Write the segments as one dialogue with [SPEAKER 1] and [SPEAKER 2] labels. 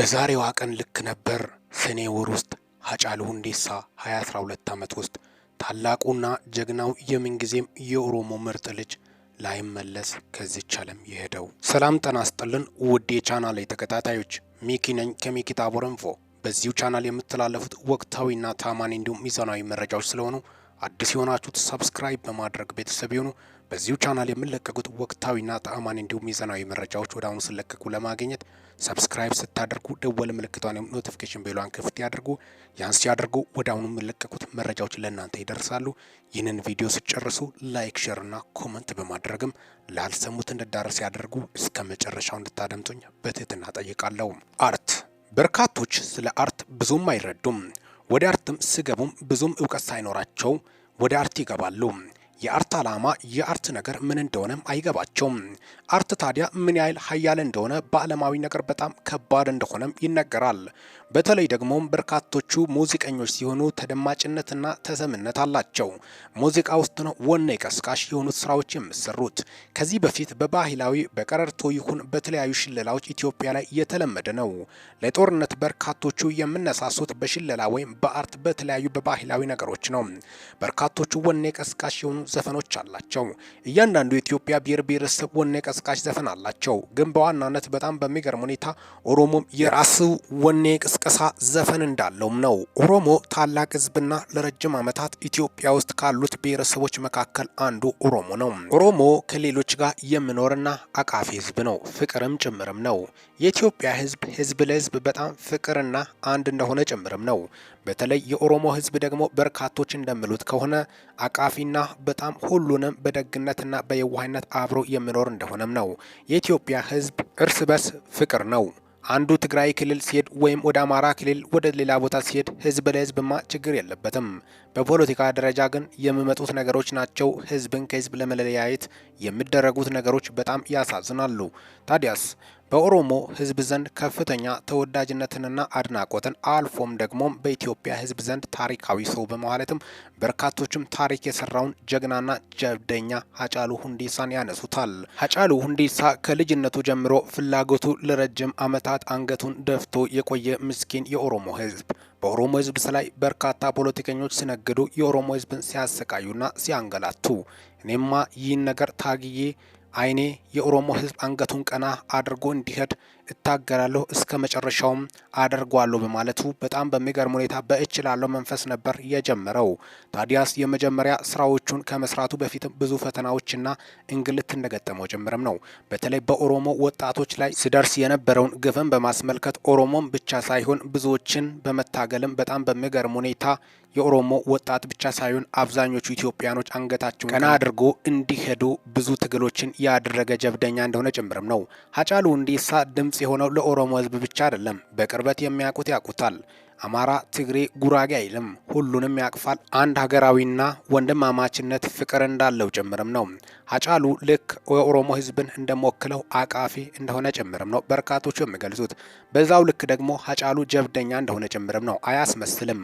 [SPEAKER 1] በዛሬዋ ቀን ልክ ነበር ሰኔ ወር ውስጥ ሃጫሉ ሁንዴሳ 2012 ዓመት ውስጥ ታላቁና ጀግናው የምንጊዜም የኦሮሞ ምርጥ ልጅ ላይመለስ ከዚች ዓለም የሄደው። ሰላም ጠና ስጥልን ውድ የቻናሌ ተከታታዮች፣ ሚኪ ነኝ ከሚኪ ታቦር ኢንፎ። በዚሁ ቻናል የምተላለፉት ወቅታዊና ታማኒ እንዲሁም ሚዛናዊ መረጃዎች ስለሆኑ አዲስ የሆናችሁት ሰብስክራይብ በማድረግ ቤተሰብ የሆኑ በዚሁ ቻናል የምለቀቁት ወቅታዊና ታማኒ እንዲሁም ሚዛናዊ መረጃዎች ወደ አሁኑ ስለቀቁ ለማግኘት ሰብስክራይብ ስታደርጉ ደወል ምልክቷን ኖቲፊኬሽን ቤሏን ክፍት ያድርጉ። ያንስ ሲያደርጉ ወደ አሁኑ የምለቀቁት መረጃዎች ለእናንተ ይደርሳሉ። ይህንን ቪዲዮ ስጨርሱ ላይክ፣ ሼር እና ኮመንት በማድረግም ላልሰሙት እንድዳረስ ያደርጉ። እስከ መጨረሻው እንድታደምጡኝ በትህትና ጠይቃለሁ። አርት በርካቶች ስለ አርት ብዙም አይረዱም። ወደ አርትም ስገቡም ብዙም እውቀት ሳይኖራቸው ወደ አርት ይገባሉ። የአርት ዓላማ የአርት ነገር ምን እንደሆነም አይገባቸውም። አርት ታዲያ ምን ያህል ሀያል እንደሆነ በዓለማዊ ነገር በጣም ከባድ እንደሆነም ይነገራል። በተለይ ደግሞ በርካቶቹ ሙዚቀኞች ሲሆኑ ተደማጭነትና ተሰምነት አላቸው። ሙዚቃ ውስጥ ነው ወኔ የቀስቃሽ የሆኑት ስራዎች የሚሰሩት። ከዚህ በፊት በባህላዊ በቀረርቶ ይሁን በተለያዩ ሽለላዎች ኢትዮጵያ ላይ የተለመደ ነው። ለጦርነት በርካቶቹ የምነሳሱት በሽለላ ወይም በአርት በተለያዩ በባህላዊ ነገሮች ነው። በርካቶቹ ዋና የቀስቃሽ የሆኑ ዘፈኖች አላቸው። እያንዳንዱ የኢትዮጵያ ብሔር ብሔረሰብ ወኔ ቀስቃሽ ዘፈን አላቸው። ግን በዋናነት በጣም በሚገርም ሁኔታ ኦሮሞም የራሱ ወኔ ቅስቀሳ ዘፈን እንዳለውም ነው። ኦሮሞ ታላቅ ህዝብና ለረጅም ዓመታት ኢትዮጵያ ውስጥ ካሉት ብሔረሰቦች መካከል አንዱ ኦሮሞ ነው። ኦሮሞ ከሌሎች ጋር የሚኖርና አቃፊ ህዝብ ነው፣ ፍቅርም ጭምርም ነው። የኢትዮጵያ ህዝብ ህዝብ ለህዝብ በጣም ፍቅርና አንድ እንደሆነ ጭምርም ነው። በተለይ የኦሮሞ ህዝብ ደግሞ በርካቶች እንደሚሉት ከሆነ አቃፊና በጣም ሁሉንም በደግነትና በየዋህነት አብሮ የሚኖር እንደሆነም ነው። የኢትዮጵያ ህዝብ እርስ በርስ ፍቅር ነው። አንዱ ትግራይ ክልል ሲሄድ ወይም ወደ አማራ ክልል ወደ ሌላ ቦታ ሲሄድ ህዝብ ለህዝብማ ችግር የለበትም። በፖለቲካ ደረጃ ግን የሚመጡት ነገሮች ናቸው ህዝብን ከህዝብ ለመለያየት የሚደረጉት ነገሮች በጣም ያሳዝናሉ። ታዲያስ በኦሮሞ ህዝብ ዘንድ ከፍተኛ ተወዳጅነትንና አድናቆትን አልፎም ደግሞ በኢትዮጵያ ህዝብ ዘንድ ታሪካዊ ሰው በማለትም በርካቶችም ታሪክ የሰራውን ጀግናና ጀብደኛ ሀጫሉ ሁንዴሳን ያነሱታል። ሀጫሉ ሁንዴሳ ከልጅነቱ ጀምሮ ፍላጎቱ ለረጅም ዓመታት አንገቱን ደፍቶ የቆየ ምስኪን የኦሮሞ ህዝብ በኦሮሞ ህዝብ ላይ በርካታ ፖለቲከኞች ሲነግዱ የኦሮሞ ህዝብን ሲያሰቃዩና ሲያንገላቱ እኔማ ይህን ነገር ታግዬ አይኔ የኦሮሞ ህዝብ አንገቱን ቀና አድርጎ እንዲሄድ እታገላለሁ እስከ መጨረሻውም አደርጓለሁ በማለቱ በጣም በሚገርም ሁኔታ በእችላለሁ መንፈስ ነበር የጀመረው። ታዲያስ የመጀመሪያ ስራዎቹን ከመስራቱ በፊትም ብዙ ፈተናዎችና እንግልት እንደገጠመው ጭምርም ነው። በተለይ በኦሮሞ ወጣቶች ላይ ሲደርስ የነበረውን ግፍን በማስመልከት ኦሮሞም ብቻ ሳይሆን ብዙዎችን በመታገልም በጣም በሚገርም ሁኔታ የኦሮሞ ወጣት ብቻ ሳይሆን አብዛኞቹ ኢትዮጵያኖች አንገታቸውን ቀና አድርጎ እንዲሄዱ ብዙ ትግሎችን ያደረገ ጀብደኛ እንደሆነ ጭምርም ነው። ሀጫሉ ሁንዴሳ ድምፅ ድምፅ የሆነው ለኦሮሞ ህዝብ ብቻ አይደለም፣ በቅርበት የሚያውቁት ያውቁታል። አማራ፣ ትግሬ፣ ጉራጌ አይልም፣ ሁሉንም ያቅፋል። አንድ ሀገራዊና ወንድማማችነት ፍቅር እንዳለው ጭምርም ነው። አጫሉ ልክ የኦሮሞ ህዝብን እንደሚወክለው አቃፊ እንደሆነ ጭምርም ነው በርካቶቹ የሚገልጹት። በዛው ልክ ደግሞ ሀጫሉ ጀብደኛ እንደሆነ ጭምርም ነው። አያስመስልም፣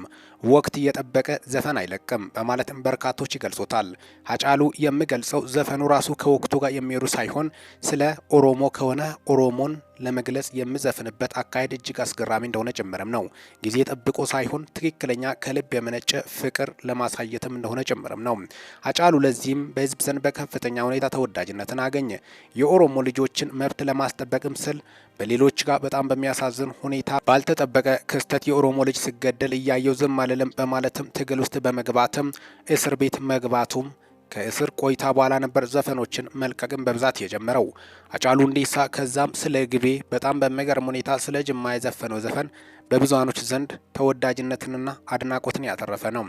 [SPEAKER 1] ወቅት እየጠበቀ ዘፈን አይለቅም በማለትም በርካቶች ይገልጹታል። ሀጫሉ የሚገልጸው ዘፈኑ ራሱ ከወቅቱ ጋር የሚሄዱ ሳይሆን ስለ ኦሮሞ ከሆነ ኦሮሞን ለመግለጽ የምዘፍንበት አካሄድ እጅግ አስገራሚ እንደሆነ ጭምርም ነው ጊዜ ተጠብቆ ሳይሆን ትክክለኛ ከልብ የመነጨ ፍቅር ለማሳየትም እንደሆነ ጭምርም ነው። አጫሉ ለዚህም በህዝብ ዘንድ በከፍተኛ ሁኔታ ተወዳጅነትን አገኘ። የኦሮሞ ልጆችን መብት ለማስጠበቅም ስል በሌሎች ጋር በጣም በሚያሳዝን ሁኔታ ባልተጠበቀ ክስተት የኦሮሞ ልጅ ሲገደል እያየው ዝም አልልም በማለትም ትግል ውስጥ በመግባትም እስር ቤት መግባቱም ከእስር ቆይታ በኋላ ነበር ዘፈኖችን መልቀቅን በብዛት የጀመረው አጫሉ ሁንዴሳ። ከዛም ስለ ግቤ በጣም በሚገርም ሁኔታ ስለ ጅማ የዘፈነው ዘፈን በብዙሃኖች ዘንድ ተወዳጅነትንና አድናቆትን ያተረፈ ነው።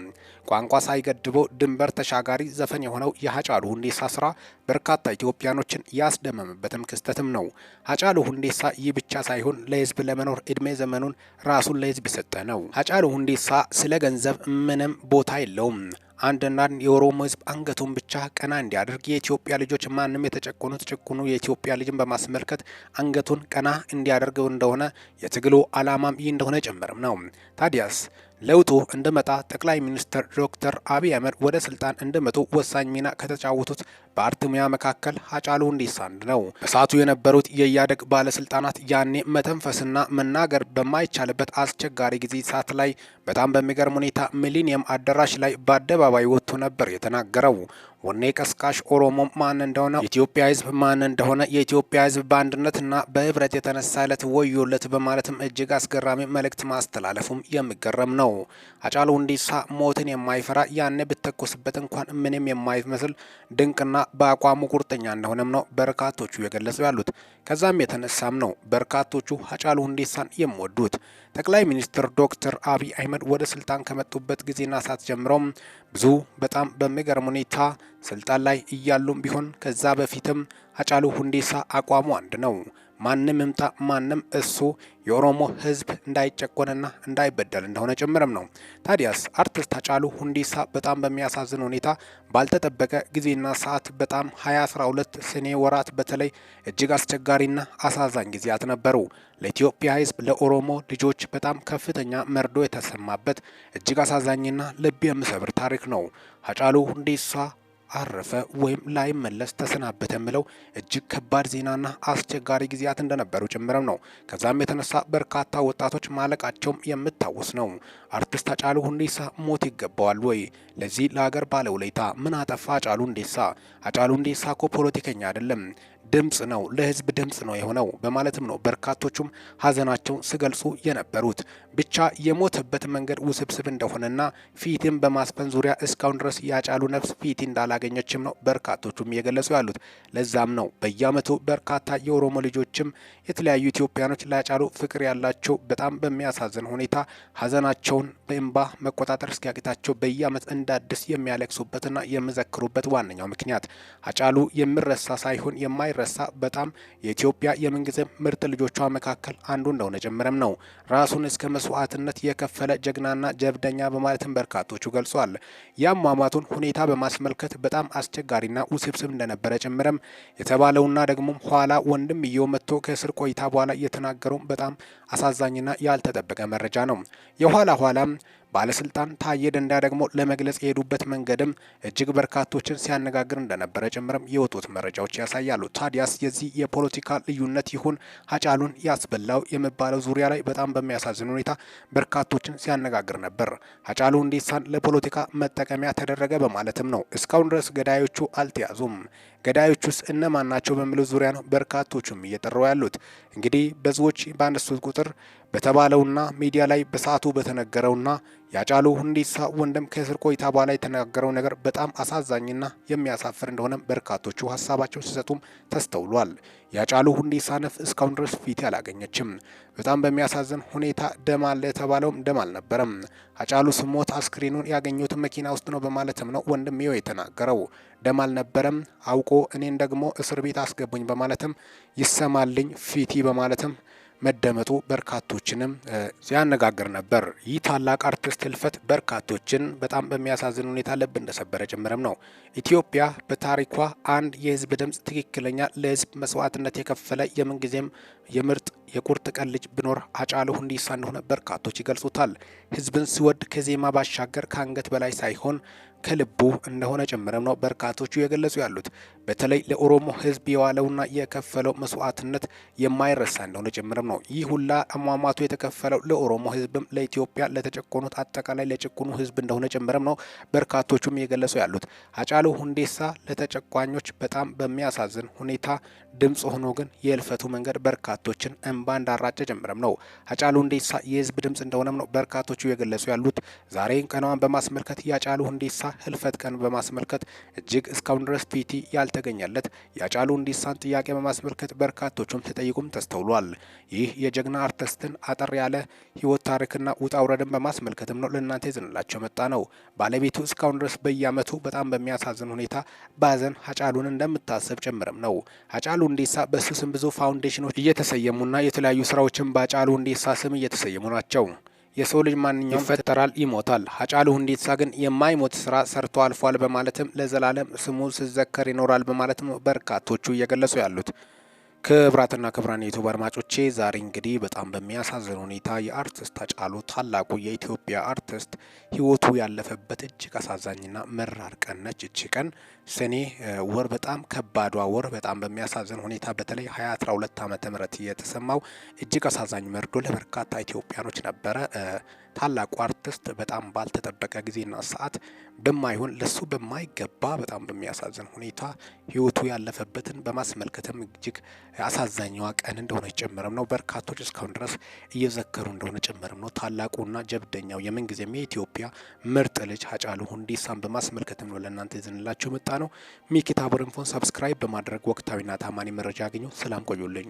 [SPEAKER 1] ቋንቋ ሳይገድበው ድንበር ተሻጋሪ ዘፈን የሆነው የአጫሉ ሁንዴሳ ስራ በርካታ ኢትዮጵያኖችን ያስደመመበትም ክስተትም ነው። አጫሉ ሁንዴሳ ይህ ብቻ ሳይሆን ለህዝብ ለመኖር እድሜ ዘመኑን ራሱን ለህዝብ የሰጠ ነው። አጫሉ ሁንዴሳ ስለ ገንዘብ ምንም ቦታ የለውም። አንድና የኦሮሞ ህዝብ አንገቱን ብቻ ቀና እንዲያደርግ የኢትዮጵያ ልጆች ማንም የተጨቆኑት ጭቁኑ የኢትዮጵያ ልጅን በማስመልከት አንገቱን ቀና እንዲያደርገው እንደሆነ የትግሉ አላማም ይህ እንደሆነ ጭምርም ነው። ታዲያስ ለውጡ እንደመጣ ጠቅላይ ሚኒስትር ዶክተር አብይ አህመድ ወደ ስልጣን እንደመጡ ወሳኝ ሚና ከተጫወቱት በአርትሙያ መካከል ሀጫሉ እንዲሳንድ ነው። እሳቱ የነበሩት የኢህአዴግ ባለስልጣናት ያኔ መተንፈስና መናገር በማይቻልበት አስቸጋሪ ጊዜ ሰዓት ላይ በጣም በሚገርም ሁኔታ ሚሊኒየም አዳራሽ ላይ በአደባባይ ወጥቶ ነበር የተናገረው። ወኔ ቀስቃሽ ኦሮሞ ማን እንደሆነ የኢትዮጵያ ህዝብ ማን እንደሆነ የኢትዮጵያ ህዝብ በአንድነትና በህብረት የተነሳለት ወዮለት በማለትም እጅግ አስገራሚ መልእክት ማስተላለፉም የሚገረም ነው። አጫሉ ሁንዴሳ ሞትን የማይፈራ ያኔ ብተኮስበት እንኳን ምንም የማይመስል ድንቅና በአቋሙ ቁርጠኛ እንደሆነም ነው በርካቶቹ የገለጹ ያሉት። ከዛም የተነሳም ነው በርካቶቹ አጫሉ ሁንዴሳን የሚወዱት። ጠቅላይ ሚኒስትር ዶክተር አብይ አህመድ ወደ ስልጣን ከመጡበት ጊዜና ሰዓት ጀምሮም ብዙ በጣም በሚገርም ሁኔታ ስልጣን ላይ እያሉም ቢሆን ከዛ በፊትም አጫሉ ሁንዴሳ አቋሙ አንድ ነው። ማንም ይምጣ ማንም እሱ የኦሮሞ ህዝብ እንዳይጨቆንና እንዳይበደል እንደሆነ ጭምርም ነው። ታዲያስ አርቲስት ሃጫሉ ሁንዴሳ በጣም በሚያሳዝን ሁኔታ ባልተጠበቀ ጊዜና ሰዓት በጣም 212 ሰኔ ወራት በተለይ እጅግ አስቸጋሪና አሳዛኝ ጊዜያት ነበሩ። ለኢትዮጵያ ህዝብ፣ ለኦሮሞ ልጆች በጣም ከፍተኛ መርዶ የተሰማበት እጅግ አሳዛኝና ልብ የሚሰብር ታሪክ ነው። ሃጫሉ ሁንዴሳ አረፈ ወይም ላይመለስ ተሰናበተ የምለው እጅግ ከባድ ዜናና አስቸጋሪ ጊዜያት እንደነበሩ ጭምርም ነው። ከዛም የተነሳ በርካታ ወጣቶች ማለቃቸውም የምታወስ ነው። አርቲስት አጫሉ ሁንዴሳ ሞት ይገባዋል ወይ? ለዚህ ለሀገር ባለውለታ ምን አጠፋ አጫሉ ሁንዴሳ? አጫሉ ሁንዴሳ እኮ ፖለቲከኛ አይደለም። ድምፅ ነው፣ ለህዝብ ድምፅ ነው የሆነው በማለትም ነው በርካቶቹም ሀዘናቸውን ሲገልጹ የነበሩት። ብቻ የሞተበት መንገድ ውስብስብ እንደሆነና ፊትን በማስፈን ዙሪያ እስካሁን ድረስ ያጫሉ ነፍስ ፊት እንዳላገኘችም ነው በርካቶቹም እየገለጹ ያሉት። ለዛም ነው በየዓመቱ በርካታ የኦሮሞ ልጆችም የተለያዩ ኢትዮጵያኖች ላጫሉ ፍቅር ያላቸው በጣም በሚያሳዝን ሁኔታ ሀዘናቸውን በእንባ መቆጣጠር እስኪያቅታቸው በየአመት እንደ የሚያለቅሱበትና የሚዘክሩበት ዋነኛው ምክንያት አጫሉ የሚረሳ ሳይሆን የማይ የማይረሳ በጣም የኢትዮጵያ የምንጊዜም ምርጥ ልጆቿ መካከል አንዱ እንደሆነ ጭምርም ነው። ራሱን እስከ መስዋዕትነት የከፈለ ጀግናና ጀብደኛ በማለትም በርካቶቹ ገልጿል። የአሟሟቱን ሁኔታ በማስመልከት በጣም አስቸጋሪና ውስብስብ እንደነበረ ጭምርም የተባለውና ደግሞ ኋላ እየው መጥቶ ከእስር ቆይታ በኋላ የተናገረው በጣም አሳዛኝና ያልተጠበቀ መረጃ ነው። የኋላ ኋላም ባለስልጣን ታዬ ደንዳ ደግሞ ለመግለጽ የሄዱበት መንገድም እጅግ በርካቶችን ሲያነጋግር እንደነበረ ጭምርም የወጡት መረጃዎች ያሳያሉ። ታዲያስ የዚህ የፖለቲካ ልዩነት ይሁን ሀጫሉን ያስበላው የሚባለው ዙሪያ ላይ በጣም በሚያሳዝን ሁኔታ በርካቶችን ሲያነጋግር ነበር። ሀጫሉ ሁንዴሳን ለፖለቲካ መጠቀሚያ ተደረገ በማለትም ነው። እስካሁን ድረስ ገዳዮቹ አልተያዙም። ገዳዮቹስ እነማን ናቸው በሚለው ዙሪያ ነው በርካቶቹም እየጠሩ ያሉት። እንግዲህ ብዙዎች ባነሱት ቁጥር በተባለውና ሚዲያ ላይ በሰዓቱ በተነገረውና ያጫሉ ሁንዴሳ ወንድም ከእስር ቆይታ በኋላ የተነጋገረው ነገር በጣም አሳዛኝና የሚያሳፍር እንደሆነ በርካቶቹ ሀሳባቸው ሲሰጡም ተስተውሏል። ያጫሉ ሁንዴሳ ነፍስ እስካሁን ድረስ ፍትህ አላገኘችም። በጣም በሚያሳዝን ሁኔታ ደም አለ የተባለውም ደም አልነበረም። አጫሉ ስሞት አስክሬኑን ያገኙት መኪና ውስጥ ነው በማለትም ነው ወንድሜው የተናገረው። ደም አልነበረም አውቆ እኔን ደግሞ እስር ቤት አስገቡኝ በማለትም ይሰማልኝ ፊቲ በማለትም መደመጡ በርካቶችንም ሲያነጋግር ነበር። ይህ ታላቅ አርቲስት ህልፈት በርካቶችን በጣም በሚያሳዝን ሁኔታ ልብ እንደሰበረ ጭምርም ነው። ኢትዮጵያ በታሪኳ አንድ የህዝብ ድምፅ ትክክለኛ ለህዝብ መስዋዕትነት የከፈለ የምንጊዜም የምርጥ የቁርጥ ቀን ልጅ ቢኖር ሃጫሉ ሁንዴሳ እንደሆነ በርካቶች ይገልጹታል። ህዝብን ሲወድ ከዜማ ባሻገር ከአንገት በላይ ሳይሆን ከልቡ እንደሆነ ጭምርም ነው በርካቶቹ የገለጹ ያሉት። በተለይ ለኦሮሞ ህዝብ የዋለውና የከፈለው መስዋዕትነት የማይረሳ እንደሆነ ጭምርም ነው። ይህ ሁላ አሟሟቱ የተከፈለው ለኦሮሞ ህዝብም፣ ለኢትዮጵያ ለተጨቆኑት አጠቃላይ ለጭቁኑ ህዝብ እንደሆነ ጭምርም ነው በርካቶቹም የገለጹ ያሉት። አጫሉ ሁንዴሳ ለተጨቋኞች በጣም በሚያሳዝን ሁኔታ ድምጽ ሆኖ ግን የእልፈቱ መንገድ በርካቶችን እንባ እንዳራጨ ጭምርም ነው። አጫሉ ሁንዴሳ የህዝብ ድምጽ እንደሆነም ነው በርካቶቹ የገለጹ ያሉት። ዛሬን ቀኗን በማስመልከት የአጫሉ ሁንዴሳ ህልፈት ቀን በማስመልከት እጅግ እስካሁን ድረስ ፊቲ ያልተገኘለት የአጫሉ እንዲሳን ጥያቄ በማስመልከት በርካቶቹም ተጠይቁም ተስተውሏል። ይህ የጀግና አርቲስትን አጠር ያለ ህይወት ታሪክና ውጣ ውረድን በማስመልከትም ነው ለእናንተ ይዘንላቸው መጣ ነው። ባለቤቱ እስካሁን ድረስ በየአመቱ በጣም በሚያሳዝን ሁኔታ ባዘን ሀጫሉን እንደምታሰብ ጭምርም ነው። ሀጫሉ እንዲሳ በሱ ስም ብዙ ፋውንዴሽኖች እየተሰየሙና የተለያዩ ስራዎችን በአጫሉ እንዲሳ ስም እየተሰየሙ ናቸው። የሰው ልጅ ማንኛውም ይፈጠራል፣ ይሞታል። ሀጫሉ ሁንዴሳ ግን የማይሞት ስራ ሰርቶ አልፏል በማለትም ለዘላለም ስሙ ሲዘከር ይኖራል በማለትም በርካቶቹ እየገለጹ ያሉት ክብራትና ክብራን የዩቱብ አድማጮቼ ዛሬ እንግዲህ በጣም በሚያሳዝን ሁኔታ የአርቲስት ሃጫሉ ታላቁ የኢትዮጵያ አርቲስት ህይወቱ ያለፈበት እጅግ አሳዛኝና መራር ቀን ነች። እች ቀን ሰኔ ወር በጣም ከባዷ ወር በጣም በሚያሳዝን ሁኔታ በተለይ ሀያ አስራ ሁለት ዓመተ የተሰማው እጅግ አሳዛኝ መርዶ ለበርካታ ኢትዮጵያኖች ነበረ። ታላቁ አርቲስት በጣም ባልተጠበቀ ጊዜና ሰዓት በማይሆን ለሱ በማይገባ በጣም በሚያሳዝን ሁኔታ ህይወቱ ያለፈበትን በማስመልከትም እጅግ አሳዛኛዋ ቀን እንደሆነ ጭምርም ነው። በርካቶች እስካሁን ድረስ እየዘከሩ እንደሆነ ጭምርም ነው። ታላቁና ጀብደኛው የምንጊዜም የኢትዮጵያ ምርጥ ልጅ ሃጫሉ ሁንዴሳን በማስመልከትም ነው ለእናንተ ይዘንላችሁ መጣ ነው። ሚኪታቦር ኢንፎን ሰብስክራይብ በማድረግ ወቅታዊና ታማኒ መረጃ ያገኘው። ሰላም ቆዩልኝ።